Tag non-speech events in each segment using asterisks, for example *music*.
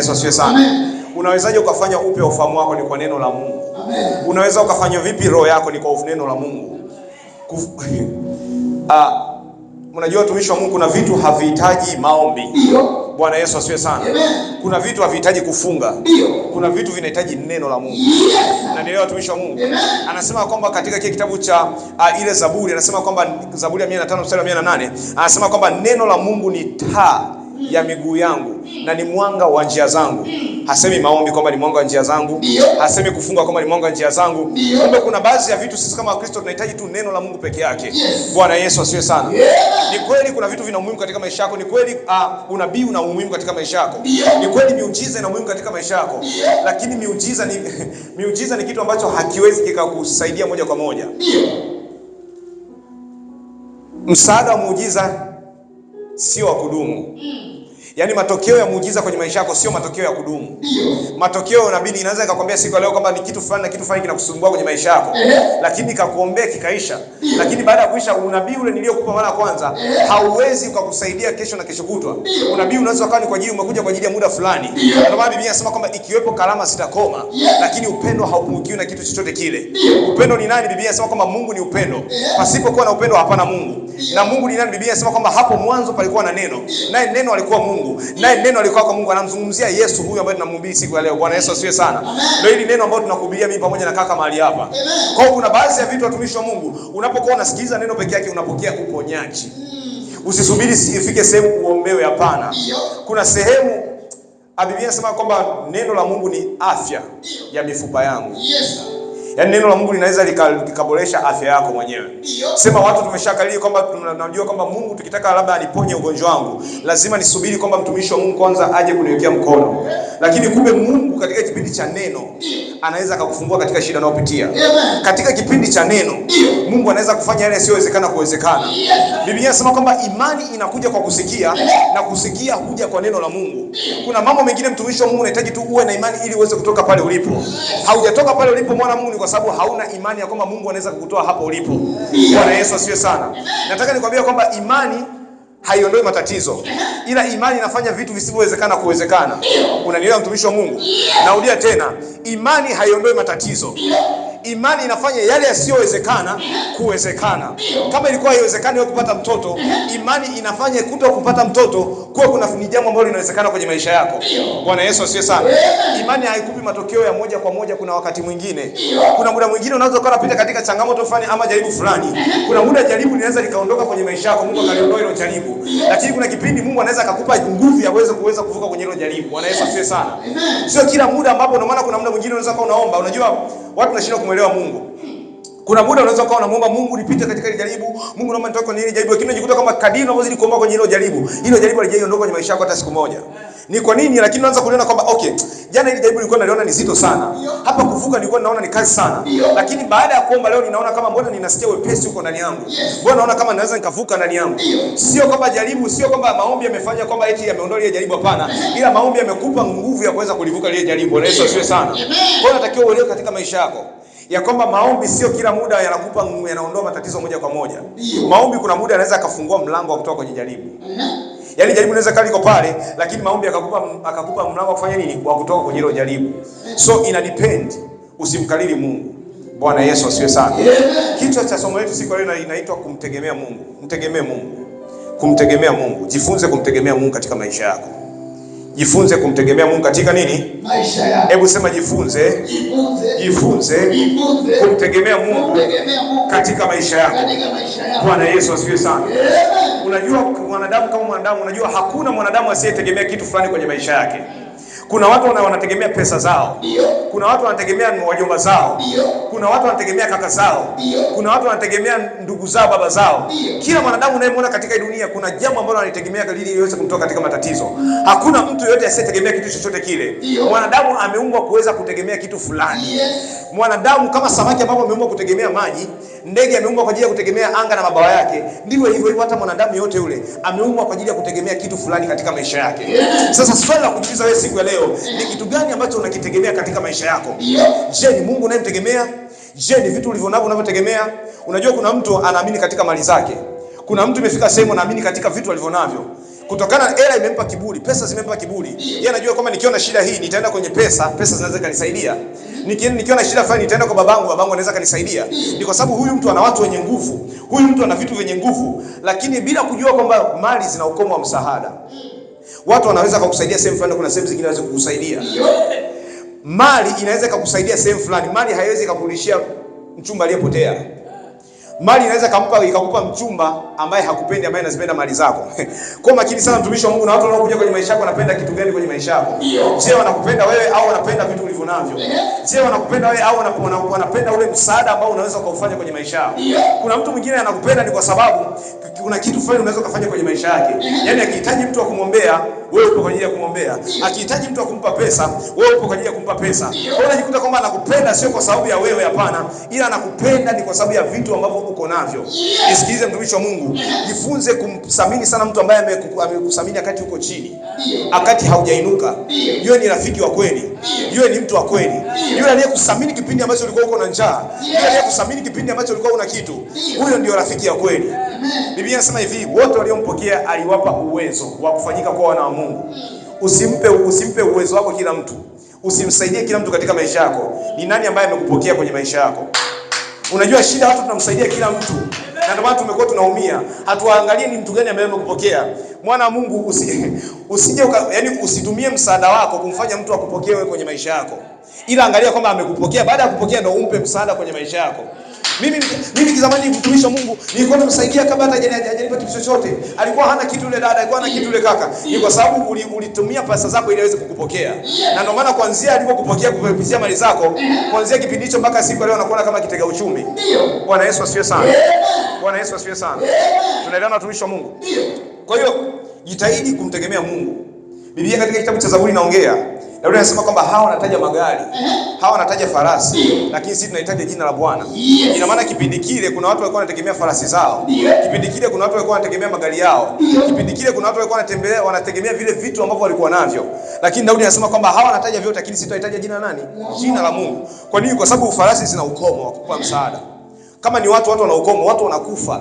Yesu asifiwe sana. Unawezaje ukafanya upya ufahamu wako? Ni kwa neno la Mungu. Amen. Unaweza ukafanya vipi roho yako? Ni kwa neno la Mungu. Kuf... *laughs* Ah, unajua watumishi wa Mungu, kuna vitu havihitaji maombi. Ndio. Bwana Yesu asifiwe sana. Amen. Kuna vitu havihitaji kufunga. Ndio. Kuna vitu vinahitaji neno la Mungu. Yes. Na ndio watumishi wa Mungu. Amen. Anasema kwamba katika kile kitabu cha uh, ile Zaburi anasema kwamba Zaburi ya 105 mstari wa 108 anasema kwamba neno la Mungu ni taa ya miguu yangu na ni mwanga wa njia zangu. Hasemi maombi kwamba ni mwanga wa njia zangu, hasemi kufunga kwamba ni mwanga wa njia zangu. Kumbe kuna baadhi ya vitu sisi kama Wakristo tunahitaji tu neno la Mungu peke yake. Bwana Yesu asiwe sana. Ni kweli kuna vitu vina umuhimu katika maisha yako, ni kweli uh, unabii una umuhimu katika maisha yako, ni kweli miujiza ina umuhimu katika maisha yako, lakini miujiza ni *laughs* miujiza ni kitu ambacho hakiwezi kikakusaidia moja kwa moja. Msaada wa muujiza sio wa kudumu mm. Yaani matokeo ya muujiza kwenye maisha yako sio matokeo ya kudumu. Ndio. Matokeo unabidi inaweza ikakwambia siku leo kwamba ni kitu fulani na kitu fulani kinakusumbua kwenye maisha yako, lakini kakuombea kikaisha, lakini baada ya kuisha unabii ule niliokupa mara ya kwanza hauwezi ukakusaidia kesho na kesho kutwa. Unabii unaweza ukawa ni kwa ajili umekuja kwa ajili ya muda fulani. Ndio maana Biblia inasema kwamba ikiwepo karama sitakoma, lakini upendo haupungukiwi na kitu chochote kile. Upendo ni nani? Biblia inasema kwamba Mungu ni upendo, pasipokuwa na upendo hapana Mungu. Na Mungu ni nani? Biblia inasema kwamba hapo mwanzo palikuwa na neno, naye neno alikuwa Mungu Mungu, naye neno alikuwa kwa Mungu. Anamzungumzia Yesu huyu ambaye tunamhubiri siku ya leo. Bwana Yesu asifiwe sana. Ndio hili neno ambalo tunakuhubiria mimi pamoja na kaka mahali hapa. Kwa hiyo kuna baadhi ya vitu watumishi wa Mungu, unapokuwa unasikiliza neno peke yake unapokea uponyaji. Usisubiri ifike sehemu uombewe, hapana. Kuna sehemu Biblia inasema kwamba neno la Mungu ni afya ya mifupa yangu. Yes. Yaani neno la Mungu linaweza likaboresha afya yako mwenyewe. Sema watu tumeshakalili kwamba tunajua kwamba Mungu tukitaka labda aniponye ugonjwa wangu, lazima nisubiri kwamba mtumishi wa Mungu kwanza aje kuniwekea mkono. Lakini kumbe Mungu katika kipindi cha neno anaweza akakufungua katika shida unayopitia. Katika kipindi cha neno, Mungu anaweza kufanya yale yasiyowezekana kuwezekana. Biblia inasema kwamba imani inakuja kwa kusikia na kusikia huja kwa neno la Mungu. Kuna mambo mengine, mtumishi wa Mungu, unahitaji tu uwe na imani ili uweze kutoka pale ulipo. Haujatoka pale ulipo, mwana Mungu, ni kwa sababu hauna imani ya kwamba Mungu anaweza kukutoa hapo ulipo. Bwana Yesu asifiwe sana. Nataka nikwambie kwamba imani haiondoi matatizo, ila imani inafanya vitu visivyowezekana kuwezekana. Unanielewa, mtumishi wa Mungu? Narudia tena, imani haiondoi matatizo, imani inafanya yale yasiyowezekana kuwezekana. Kama ilikuwa haiwezekani wewe kupata mtoto, imani inafanya kuto kupata mtoto kuwa kuna ni jambo ambalo linawezekana kwenye maisha yako. Bwana Yesu asiye sana. Imani haikupi matokeo ya moja kwa moja. Kuna wakati mwingine, kuna muda mwingine unaweza kuwa unapita katika changamoto fulani ama jaribu fulani. Kuna muda jaribu linaweza likaondoka kwenye maisha yako, Mungu akaliondoa hilo jaribu, lakini kuna kipindi Mungu anaweza akakupa nguvu ya uweze kuweza kuvuka kwenye hilo jaribu. Bwana Yesu asiye sana. Sio kila muda ambapo, ndio maana kuna muda mwingine unaweza kuwa unaomba, unajua watu tunashindwa kumwelewa Mungu. Kuna muda unaweza kuwa unamuomba Mungu nipite katika ile jaribu, Mungu naomba nitoke kwenye ile jaribu, lakini unajikuta kama kadiri unavyozidi kuomba kwenye hilo jaribu, hilo jaribu halijaiondoka kwenye maisha yako hata siku moja ni kwa nini, lakini unaanza kuniona kwamba okay, jana ile jaribu nilikuwa naliona ni zito sana, hapa kuvuka nilikuwa naona ni kazi sana, lakini baada ya kuomba leo ninaona kama mbona ninasikia wepesi huko ndani yangu, mbona naona kama naweza nikavuka ndani yangu. Sio kwamba jaribu, sio kwamba maombi yamefanya kwamba eti yameondoa ile jaribu, hapana, ila maombi yamekupa nguvu ya kuweza kulivuka ile jaribu. na Yesu asiwe sana. Kwa hiyo natakiwa uelewe katika maisha yako ya kwamba maombi sio kila muda yanakupa yanaondoa matatizo moja kwa moja. Maombi kuna muda anaweza akafungua mlango wa kutoka kwenye jaribu. Yaani jaribu naweza kali iko pale, lakini maombi akakupa akakupa mlango kufanya nini? Wa kutoka kwenye hilo jaribu. So ina depend, usimkalili Mungu. Bwana Yesu asiwe sana. Kichwa cha somo letu siku leo inaitwa kumtegemea Mungu. Mtegemee Mungu. Kumtegemea Mungu. Jifunze kumtegemea Mungu katika maisha yako. Jifunze kumtegemea Mungu katika nini? Maisha yako. Hebu sema jifunze. Jifunze. Jifunze. Jifunze kumtegemea Mungu katika maisha yako. Bwana Yesu asifiwe sana. Yeah. Unajua mwanadamu kama mwanadamu, unajua hakuna mwanadamu asiyetegemea kitu fulani kwenye maisha yake. Kuna watu wanategemea pesa zao, kuna watu wanategemea wajomba zao, kuna watu wanategemea kaka zao, kuna watu wanategemea ndugu zao, baba zao. Kila mwanadamu unayemwona katika dunia kuna jambo ambalo analitegemea ili iweze kumtoa katika matatizo. Hakuna mtu yoyote asiyetegemea kitu chochote kile. Mwanadamu ameumbwa kuweza kutegemea kitu fulani. Mwanadamu kama samaki ambapo ameumbwa kutegemea maji, ndege ameumbwa kwa ajili ya kutegemea anga na mabawa yake, ndivyo hivyo hivyo hata mwanadamu yote yule ameumbwa kwa ajili ya kutegemea kitu fulani katika maisha yake. Sasa swali la kujiuliza wewe siku ya leo ni kitu gani ambacho unakitegemea katika maisha yako? Je, ni Mungu unayemtegemea? Je, ni vitu ulivyonavyo unavyotegemea? Unajua kuna mtu anaamini katika mali zake. Kuna mtu imefika sehemu anaamini katika vitu alivyonavyo kutokana na hela imempa kiburi, pesa zimempa kiburi. Yeye anajua kwamba nikiona shida hii nitaenda kwenye pesa, pesa zinaweza kanisaidia nikiwa na shida fulani nitaenda kwa babangu, babangu anaweza kanisaidia. Ni kwa sababu huyu mtu ana watu wenye nguvu, huyu mtu ana vitu vyenye nguvu, lakini bila kujua kwamba mali zina ukomo wa msaada. Watu wanaweza kukusaidia sehemu fulani, kuna sehemu zingine zinaweza kukusaidia. Mali inaweza ikakusaidia sehemu fulani, mali haiwezi ikakurudishia mchumba aliyepotea. Mali inaweza kampa ikakupa mchumba ambaye hakupendi ambaye anazipenda mali zako. *laughs* Kwa makini sana mtumishi wa Mungu na watu wanaokuja kwenye maisha yako wanapenda kitu gani kwenye maisha yako? Je, wanakupenda wewe au wanapenda vitu ulivyo navyo? Je, wanakupenda wewe au wanapenda ule msaada ambao unaweza ukaufanya kwenye maisha yao? Kuna mtu mwingine anakupenda ni kwa sababu kuna kitu fulani unaweza kufanya kwenye maisha yake. Yaani akihitaji mtu wa kumwombea, wewe upo kwa ajili ya kumwombea. Akihitaji mtu wa kumpa pesa, wewe upo kwa ajili ya kumpa pesa. Kwa hiyo unajikuta kwamba anakupenda sio kwa sababu ya wewe, hapana, ila anakupenda ni kwa sababu ya vitu ambavyo uko navyo. Nisikilize mtumishi wa Mungu, jifunze kumthamini sana mtu ambaye amekuthamini wakati uko chini, wakati haujainuka. Yeye ni rafiki wa kweli, yeye ni mtu wa kweli, yule aliyekuthamini kipindi ambacho ulikuwa uko na njaa, yule aliyekuthamini kipindi ambacho ulikuwa una kitu. Huyo ndio rafiki ya kweli. Biblia Biblia inasema hivi, wote waliompokea aliwapa uwezo wa kufanyika kuwa wana wa Mungu. Usimpe, usimpe uwezo wako kila mtu, usimsaidie kila mtu katika maisha yako. Ni nani ambaye amekupokea kwenye maisha yako? Unajua shida, watu tunamsaidia kila mtu, na ndio maana tumekuwa tunaumia, hatuangalie ni mtu gani ambaye amekupokea. Mwana wa Mungu, usi, usije yaani, usitumie msaada wako kumfanya mtu akupokee wewe kwenye maisha yako, ila angalia kwamba amekupokea. Baada ya kupokea, ndio umpe msaada kwenye maisha yako. Mimi mimi kizamani mtumishi Mungu nilikuwa namsaidia kabla hata hajanipa kitu chochote. Alikuwa hana kitu yule dada, alikuwa hana kitu yule kaka. Ni kwa sababu ulitumia pesa zako ili aweze kukupokea. Na ndio maana kuanzia alipokupokea kupitia mali zako, kuanzia kipindi hicho mpaka siku leo anakuona kama kitega uchumi. Ndio. Bwana Yesu asifiwe sana. Bwana Yesu asifiwe sana. Tunaelewana watumishi wa Mungu? Ndio. Kwa hiyo jitahidi kumtegemea Mungu. Biblia katika kitabu cha Zaburi inaongea Daudi anasema kwamba hawa wanataja magari, hawa wanataja farasi, lakini sisi tunahitaji jina la Bwana. Ina maana kipindi kile kuna watu walikuwa wanategemea farasi zao, kipindi kile kuna watu walikuwa wanategemea magari yao, kipindi kile kuna watu walikuwa wanatembelea, wanategemea vile vitu ambavyo walikuwa navyo, lakini Daudi anasema kwamba hawa wanataja vyote, lakini sisi tunahitaji jina nani? Jina la Mungu. Kwa nini? Kwa sababu farasi zina ukomo wa kukupa msaada. Kama ni watu, watu wana ukomo, watu wanakufa.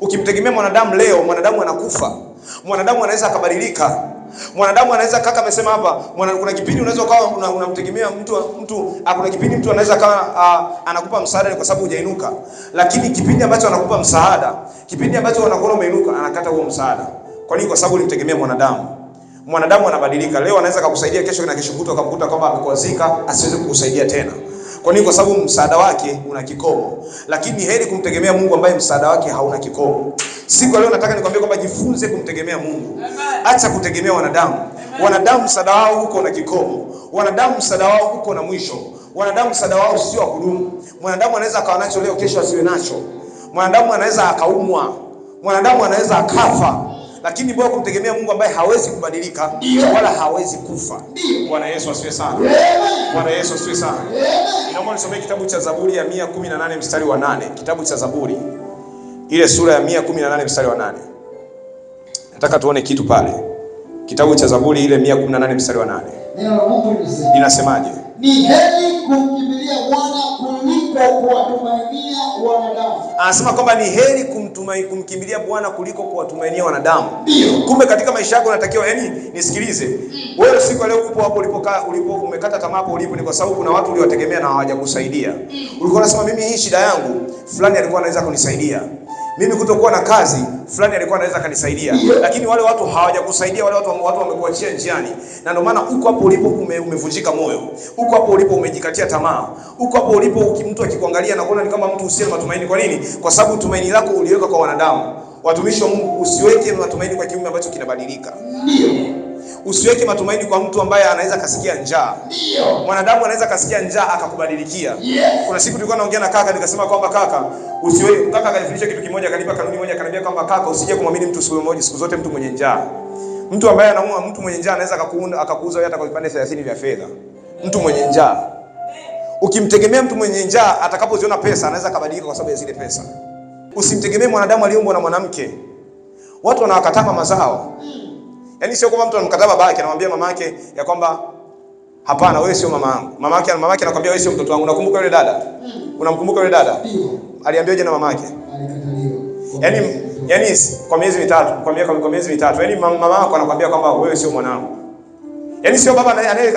Ukimtegemea mwanadamu leo, mwanadamu anakufa. Mwanadamu anaweza akabadilika Mwanadamu anaweza kaka, amesema hapa, kuna kipindi unaweza kwa unamtegemea una mtu mtu, ah, kuna kipindi mtu anaweza kawa ah, anakupa msaada kwa sababu hujainuka, lakini kipindi ambacho anakupa msaada, kipindi ambacho anakuona umeinuka, anakata huo msaada. Kwa nini? Kwa sababu ulimtegemea mwanadamu. Mwanadamu anabadilika, leo anaweza kukusaidia, kesho na kesho mtu akamkuta kwamba amekwazika, asiweze kukusaidia tena. Kwa nini? Kwa sababu msaada wake una kikomo, lakini heri kumtegemea Mungu ambaye msaada wake hauna kikomo. Siku leo nataka nikwambie kwamba jifunze kumtegemea Mungu, acha kutegemea wanadamu. Wanadamu msaada wao huko na kikomo, wanadamu msaada wao huko na mwisho, wanadamu msaada wao sio wa kudumu. Mwanadamu anaweza akawa nacho leo, kesho asiwe nacho. Mwanadamu anaweza akaumwa, mwanadamu anaweza akafa lakini bora kumtegemea Mungu ambaye hawezi kubadilika wala hawezi kufa. Bwana Yesu asifiwe sana. Bwana Yesu asifiwe sana. Naomba nisomee kitabu cha Zaburi ya 118 mstari wa 8. Kitabu cha Zaburi ile sura ya 118 mstari wa 8. Nataka tuone kitu pale. Kitabu cha Zaburi ile 118 mstari wa 8. Neno la Mungu linasemaje? Ni heri kumkimbilia Bwana kuwatumainia wanadamu. Anasema kwamba ni heri kumkimbilia Bwana kuliko kuwatumainia wanadamu. Ndio. Kumbe katika maisha yako unatakiwa yani, nisikilize. Mm. Wewe siku leo upo hapo ulipokaa ulipo umekata tamaa hapo ulipo ni kwa sababu kuna watu uliowategemea na hawajakusaidia. Mm. Ulikuwa unasema mimi hii shida yangu fulani alikuwa anaweza kunisaidia mimi kutokuwa na kazi fulani alikuwa anaweza akanisaidia, lakini wale watu hawajakusaidia, wale watu watu wamekuachia njiani, na ndio maana uko hapo ulipo ume, umevunjika moyo, uko hapo ulipo umejikatia tamaa, uko hapo ulipo mtu akikuangalia na kuona ni kama mtu usiye matumaini. Kwa nini? Kwa sababu tumaini lako uliweka kwa wanadamu. Watumishi wa Mungu, usiweke matumaini kwa kiumbe ambacho kinabadilika. Ndio. Usiweke matumaini kwa mtu ambaye anaweza kasikia njaa. Ndio. Mwanadamu anaweza kasikia njaa akakubadilikia. Yes. Kuna siku tulikuwa naongea na kaka nikasema kwamba kaka, usiwe kaka kanifundisha kitu kimoja kanipa kanuni moja kanambia kwamba kaka usije kumwamini mtu siku moja siku zote mtu mwenye njaa. Mtu ambaye anaumwa mtu mwenye njaa anaweza akakuunda akakuuza hata kwa vipande 30 vya fedha. Mtu mwenye njaa. Ukimtegemea mtu mwenye njaa atakapoziona pesa anaweza kabadilika kwa sababu ya zile pesa. Usimtegemee mwanadamu aliyeumbwa na mwanamke. Watu wanawakatama mazao. Yaani sio kwamba mtu anamkataa babake anamwambia mamake ya kwamba hapana, wewe sio mama yangu. Mamake mamake anakuambia wewe sio mtoto wangu. Unakumbuka yule dada? Mm. Unamkumbuka yule dada? Ndio. Aliambia je na mamake? Yaani yaani kwa miezi mitatu, kwa miezi mitatu. Yaani mama yako anakuambia kwamba wewe sio mwanangu. Yaani sio baba anaye